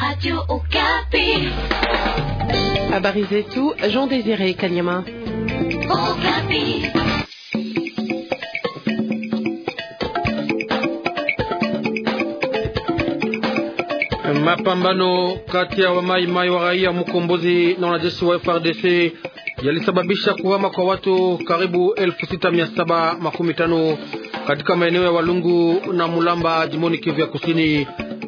Radio Okapi. Habari zetu Jean Désiré Kanyama. Okapi. Mapambano kati ya wamaimai wa raia mkombozi na wanajeshi wa FRDC yalisababisha kuhama kwa watu karibu 6750 katika maeneo ya Walungu na Mulamba, jimoni Kivu ya Kusini.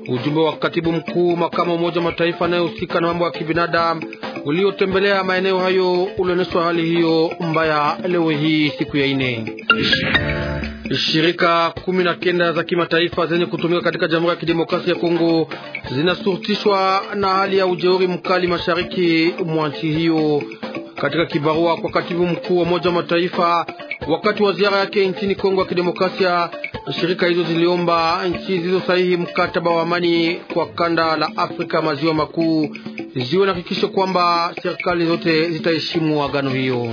Ujumbe wa katibu mkuu makamu Umoja wa Mataifa anayehusika na mambo ya kibinadamu uliotembelea maeneo hayo ulionyeshwa hali hiyo mbaya leo hii siku ya ine. Shirika kumi na kenda za kimataifa zenye kutumika katika Jamhuri ya Kidemokrasia ya Kongo zinasurutishwa na hali ya ujeuri mkali mashariki mwa nchi hiyo, katika kibarua kwa katibu mkuu wa Umoja wa Mataifa wakati wa ziara yake nchini Kongo ya Kidemokrasia. Shirika hizo ziliomba nchi zilizosahihi mkataba wa amani kwa kanda la Afrika maziwa makuu ziwe na hakikisho kwamba serikali zote zitaheshimu agano hiyo.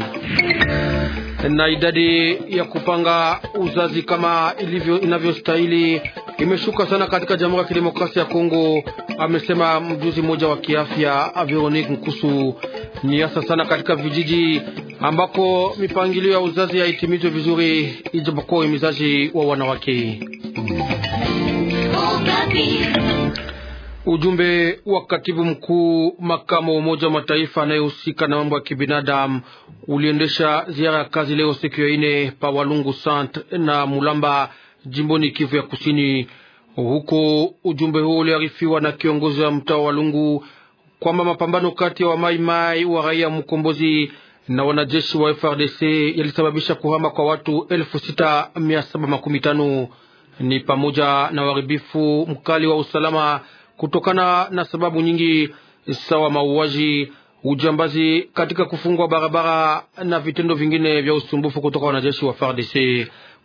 Na idadi ya kupanga uzazi kama ilivyo inavyostahili imeshuka sana katika Jamhuri ya Kidemokrasia ya Kongo, amesema mjuzi mmoja wa kiafya Veronique Nkusu. Ni hasa sana katika vijiji ambako mipangilio ya uzazi haitimizwe vizuri, ijapokuwa uhimizaji wa wanawake. Ujumbe wa katibu mkuu makamu wa Umoja wa Mataifa anayehusika na mambo ya kibinadamu uliendesha ziara ya kazi leo siku ya ine pa Walungu Sant na Mulamba jimboni Kivu ya Kusini. Huko ujumbe huo uliarifiwa na kiongozi wa mtaa wa Walungu kwamba mapambano kati ya wa wamaimai wa raia mkombozi na wanajeshi wa FRDC yalisababisha kuhama kwa watu elfu sita mia saba makumi tano ni pamoja na uharibifu mkali wa usalama kutokana na sababu nyingi sawa mauaji, ujambazi katika kufungwa barabara na vitendo vingine vya usumbufu kutoka wanajeshi wa FARDC.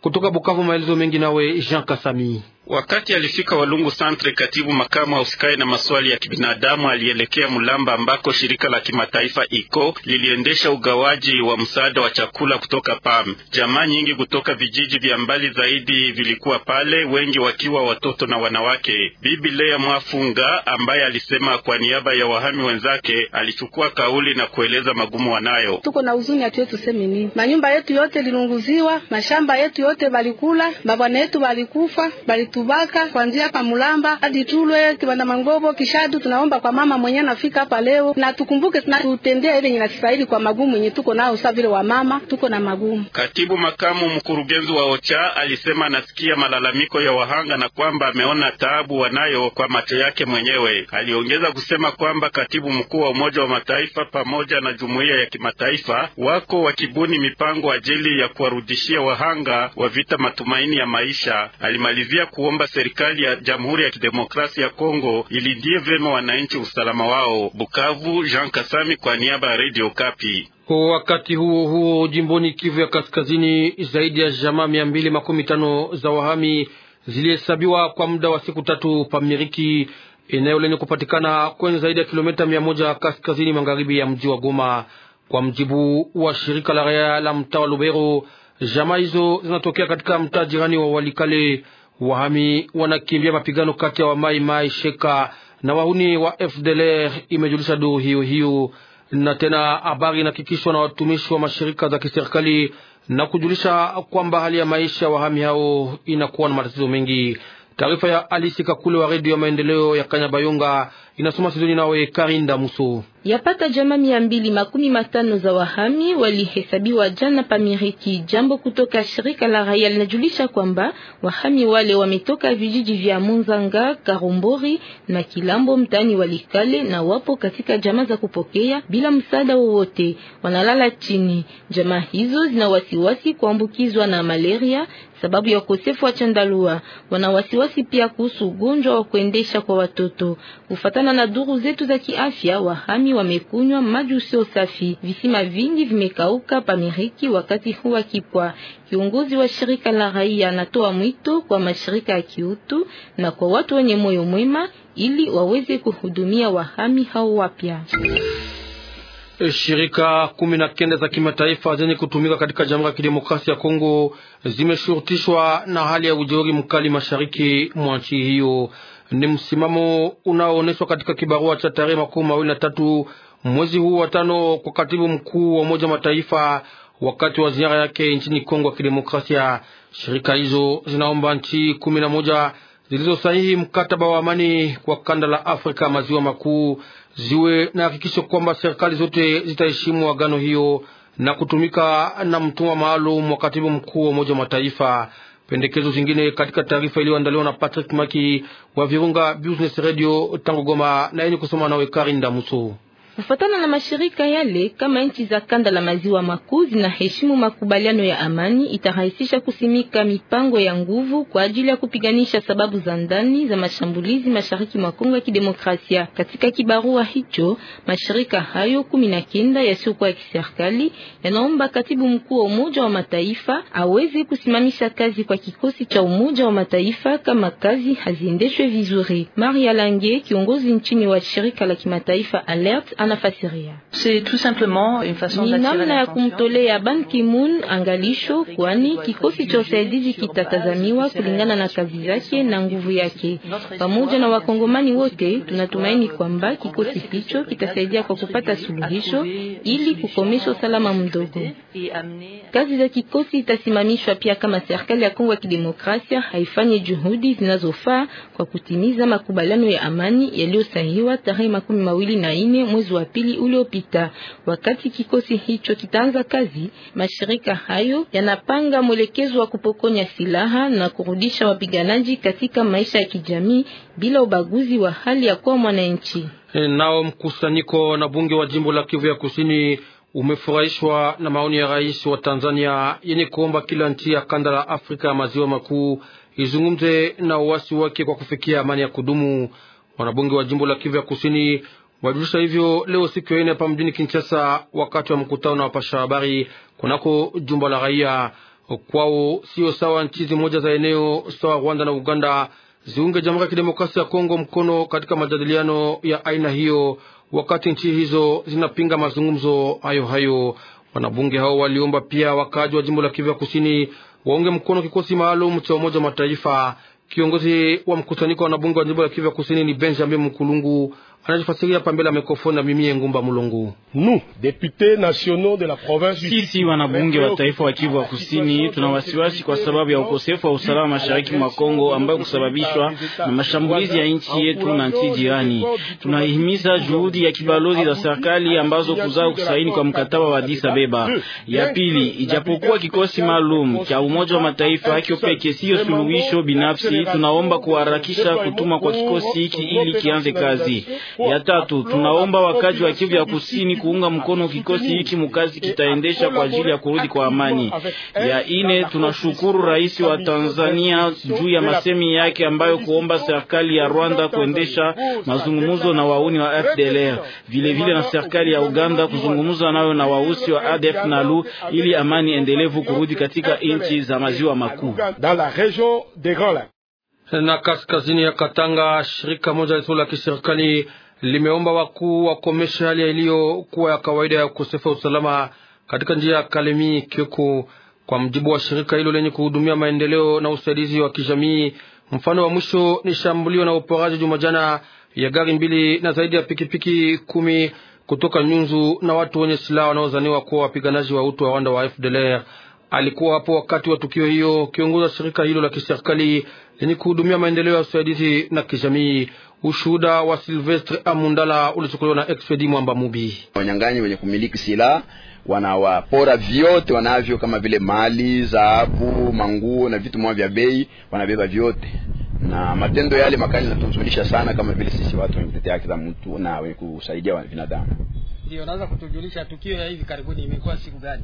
Kutoka Bukavu, maelezo mengi nawe Jean Kasami. Wakati alifika Walungu Santre, katibu makamu usikai na maswali ya kibinadamu alielekea Mulamba ambako shirika la kimataifa iko liliendesha ugawaji wa msaada wa chakula kutoka PAM. Jamaa nyingi kutoka vijiji vya mbali zaidi vilikuwa pale, wengi wakiwa watoto na wanawake. Bibi Leya Mwafunga ambaye alisema kwa niaba ya wahami wenzake, alichukua kauli na kueleza magumu wanayo. Tuko na huzuni, hatuye tuseme nini, manyumba yetu yote lilunguziwa, mashamba yetu yote bote balikula, babwana yetu balikufa, balitubaka kwanzia pa Mulamba hadi Tulwe Kibanda Mangobo Kishadu. Tunaomba kwa mama mwenye nafika hapa leo na tukumbuke tunatutendea ile nyinasistahili kwa magumu yenye tuko nao, sasa vile wa mama tuko na magumu. Katibu makamu mkurugenzi wa OCHA alisema anasikia malalamiko ya wahanga na kwamba ameona taabu wanayo kwa macho yake mwenyewe. Aliongeza kusema kwamba katibu mkuu wa Umoja wa Mataifa pamoja na jumuiya ya kimataifa wako wakibuni mipango ajili ya kuwarudishia wahanga wa wa vita matumaini ya maisha. Alimalizia kuomba serikali ya Jamhuri ya Kidemokrasia ya Kongo ilindie vyema wananchi usalama wao. Bukavu, Jean Kasami kwa niaba ya Radio Kapi. Wakati huo huo, jimboni Kivu ya Kaskazini, zaidi ya jamaa mia mbili makumi tano za wahami zilihesabiwa kwa muda wa siku tatu pamiriki eneo lenye kupatikana kwenye zaidi ya kilomita mia moja kaskazini magharibi ya mji wa Goma, kwa mjibu wa shirika la raia la mtaa wa Lubero. Jamaa hizo zinatokea katika mtaa jirani wa Walikale. Wahami wanakimbia mapigano kati ya Wamai Mai Sheka na wahuni wa FDLR, imejulisha duru hiyo hiyo. Na tena habari inahakikishwa na watumishi wa mashirika za kiserikali na kujulisha kwamba hali ya maisha ya wahami hao inakuwa na matatizo mengi. Taarifa ya Alisi Kakule wa redio ya maendeleo ya Kanyabayonga inasoma Sidoni nawe Karinda Muso. Yapata jama mia mbili makumi matano za wahami walihesabiwa jana Pamiriki. Jambo kutoka shirika la raia linajulisha kwamba wahami wale wametoka vijiji vya Munzanga, Karumbori na Kilambo mtaani Walikale, na wapo katika jama za kupokea bila msaada wowote, wanalala chini. Jama hizo zina wasiwasi kuambukizwa na malaria sababu ya ukosefu wa chandalua. Wana wasiwasi pia kuhusu ugonjwa wa kuendesha kwa watoto. Kufatana na duru zetu za kiafya, wahami wamekunywa maji usio safi. Visima vingi vimekauka pamiriki wakati huwa kipwa. Kiongozi wa shirika la raia anatoa mwito kwa mashirika ya kiutu na kwa watu wenye moyo mwema ili waweze kuhudumia wahami hao wapya. Eh, shirika kumi na kenda za kimataifa zenye kutumika katika Jamhuri ya Kidemokrasia ya Kongo zimeshurutishwa na hali ya ujeuri mkali mashariki mwa nchi hiyo. Ni msimamo unaoonyeshwa katika kibarua cha tarehe makumi mawili na tatu mwezi huu wa tano kwa katibu mkuu wa Umoja Mataifa wakati wa ziara yake nchini Kongo ya Kidemokrasia. Shirika hizo zinaomba nchi kumi na moja zilizosahihi mkataba wa amani kwa kanda la Afrika maziwa makuu ziwe na hakikisho kwamba serikali zote zitaheshimu agano hiyo na kutumika na mtumwa maalum wa katibu mkuu wa Umoja wa Mataifa. Pendekezo zingine katika taarifa iliyoandaliwa na Patrick Maki wa Virunga Business Radio tangu Goma, na yenye kusoma nawe Karinda Muso. Kufatana na mashirika yale, kama nchi za kanda la maziwa makuu zinaheshimu makubaliano ya amani, itarahisisha kusimika mipango ya nguvu kwa ajili ya kupiganisha sababu za ndani za mashambulizi mashariki mwa Kongo ya Kidemokrasia. Katika kibarua hicho, mashirika hayo kumi na kenda yasiyokuwa ya kiserikali yanaomba katibu mkuu wa Umoja wa Mataifa aweze kusimamisha kazi kwa kikosi cha Umoja wa Mataifa kama kazi haziendeshwe vizuri. Maria Lange, kiongozi nchini wa shirika la kimataifa Alert anafasiria. Ni namna ya kumtolea Ban Ki-moon angalisho, kwani kikosi cha usaidizi kitatazamiwa kulingana na kazi zake na nguvu yake. Pamoja na wakongomani wote, tunatumaini kwamba kikosi hicho kitasaidia kwa kupata suluhisho ili kukomesha usalama mdogo. Kazi za kikosi itasimamishwa pia kama serikali ya Kongo ya Kidemokrasia haifanyi juhudi zinazofaa kwa kutimiza makubaliano ya amani yaliyosainiwa tarehe makumi mawili na nne mwezi wa pili uliopita. Wakati kikosi hicho kitaanza kazi, mashirika hayo yanapanga mwelekezo wa kupokonya silaha na kurudisha wapiganaji katika maisha ya kijamii bila ubaguzi wa hali ya kuwa mwananchi. E, nao mkusanyiko na bunge wa jimbo la Kivu ya Kusini umefurahishwa na maoni ya rais wa Tanzania yenye kuomba kila nchi ya kanda la Afrika ya maziwa makuu izungumze na uasi wake kwa kufikia amani ya kudumu. Wanabunge wa jimbo la Kivu ya Kusini Wajulisha hivyo leo siku ya ine hapa mjini Kinshasa, wakati wa mkutano na wapasha habari kunako jumba la raia. Kwao sio sawa nchi zimoja za eneo sawa Rwanda na Uganda ziunge Jamhuri ya Kidemokrasia ya Kongo mkono katika majadiliano ya aina hiyo, wakati nchi hizo zinapinga mazungumzo hayo hayo. Wanabunge hao waliomba pia wakaaji wa jimbo la Kivu ya Kusini waunge mkono kikosi maalum cha Umoja wa Mataifa. Kiongozi wa mkusanyiko wa wanabunge wa jimbo la Kivu ya Kusini ni Benjamin Mkulungu anajifasiria pambele ya mikrofoni na Ngumba Mulungu. de la sisi wanabunge wa taifa wa Kivu wa Kusini tuna wasiwasi kwa sababu ya ukosefu wa usalama mashariki mwa Kongo ambayo kusababishwa na mashambulizi ya nchi yetu na nchi jirani. Tunahimiza juhudi ya kibalozi za serikali ambazo kuzaa kusaini kwa mkataba wa Addis Ababa. Ya pili, ijapokuwa kikosi maalum cha Umoja wa Mataifa peke siyo suluhisho binafsi, tunaomba kuharakisha kutuma kwa kikosi hiki ili kianze kazi. Ya tatu, tunaomba wakaji wa Kivu ya Kusini kuunga mkono kikosi hiki mukazi kitaendesha kwa ajili ya kurudi kwa amani. Ya ine, tunashukuru rais wa Tanzania juu ya masemi yake ambayo kuomba serikali ya Rwanda kuendesha mazungumzo na wauni wa FDLR, vile vile na serikali ya Uganda kuzungumza nayo na wausi wa ADF e Nalu ili amani endelevu kurudi katika nchi za maziwa makuu na kaskazini ya Katanga, shirika moja lisilo la kiserikali limeomba wakuu wakomeshe hali iliyokuwa ya kawaida ya ukosefu wa usalama katika njia ya Kalemi Kyoku. Kwa mjibu wa shirika hilo lenye kuhudumia maendeleo na usaidizi wa kijamii, mfano wa mwisho ni shambulio na uporaji Jumajana ya gari mbili na zaidi ya pikipiki kumi kutoka Nyunzu na watu wenye silaha wanaozaniwa kuwa wapiganaji wa utu wa Rwanda wa FDLR Alikuwa hapo wakati wa tukio hiyo kiongozi wa shirika hilo la kiserikali lenye kuhudumia maendeleo ya usaidizi na kijamii. Ushuhuda wa Silvestre Amundala ulichukuliwa na Expedi Mwamba Mubi. Wanyang'anyi wenye kumiliki silaha wanawapora vyote wanavyo, kama vile mali, dhahabu, manguo na vitu mwa vya bei, wanabeba vyote na matendo yale makali natuzulisha sana, kama vile sisi watu wenye kutetea haki za mtu na wenye kusaidia binadamu. Ndio, naweza kutujulisha tukio ya hivi karibuni imekuwa siku gani?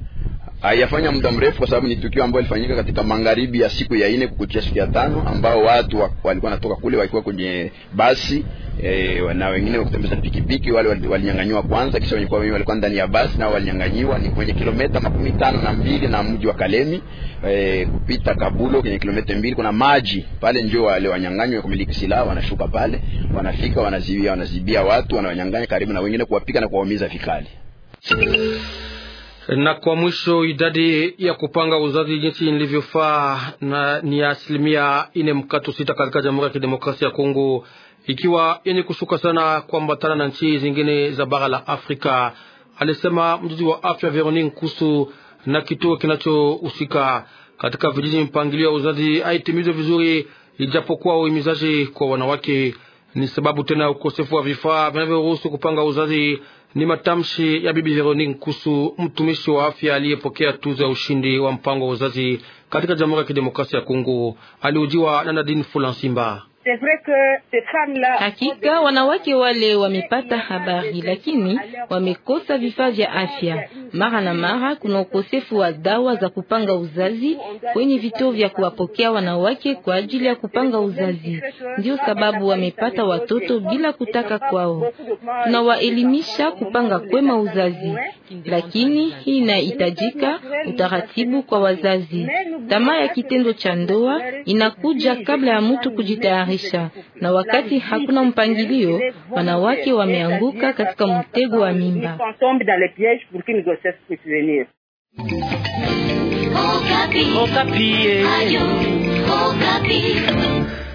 haiyafanya muda mrefu, kwa sababu ni tukio ambayo ilifanyika katika magharibi ya siku ya ine kukutia siku ya tano, ambao watu walikuwa wanatoka kule wakiwa kwenye basi e, na wengine wakitembeza pikipiki. Wale walinyang'anyiwa kwanza, kisha wenye walikuwa ndani ya basi nao walinyang'anyiwa. Ni kwenye kilomita makumi tano na mbili na mji wa Kalemi e, kupita Kabulo kwenye kilomita mbili kuna maji pale, ndio wale wanyang'anywa kumiliki silaha wanashuka pale, wanafika wanazibia, wanazibia watu wanawanyang'anya karibu na wengine kuwapika na kuwaumiza vikali. Na kwa mwisho, idadi ya kupanga uzazi jinsi ilivyofaa na ni asilimia ine mkato sita katika Jamhuri ya Kidemokrasia ya Kongo, ikiwa yenye kushuka sana kuambatana na nchi zingine za bara la Afrika, alisema mjiji wa afya Veroni Kusu na kituo kinachohusika katika vijiji. Mpangilio wa uzazi haitimizwe vizuri, ijapokuwa uhimizaji kwa wanawake ni sababu tena ukosefu wa vifaa vinavyoruhusu kupanga uzazi ni matamshi ya bibi veronique Kusu, mtumishi wa afya aliyepokea tuzo ya ushindi wa mpango wa uzazi katika Jamhuri ya Kidemokrasia ya Kongo. Aliujiwa na Nadine Fulansimba. Hakika wanawake wale wamepata habari, lakini wamekosa vifaa vya afya. Mara na mara kuna ukosefu wa dawa za kupanga uzazi kwenye vituo vya kuwapokea wanawake kwa ajili ya kupanga uzazi. Ndio sababu wamepata watoto bila kutaka kwao. Tunawaelimisha kupanga kwema uzazi, lakini hii inahitajika utaratibu kwa wazazi. Tamaa ya kitendo cha ndoa inakuja kabla ya mtu kujitayarisha kuimarisha, na wakati hakuna mpangilio, wanawake wameanguka katika mtego wa mimba. Okapi. Okapi. Eh.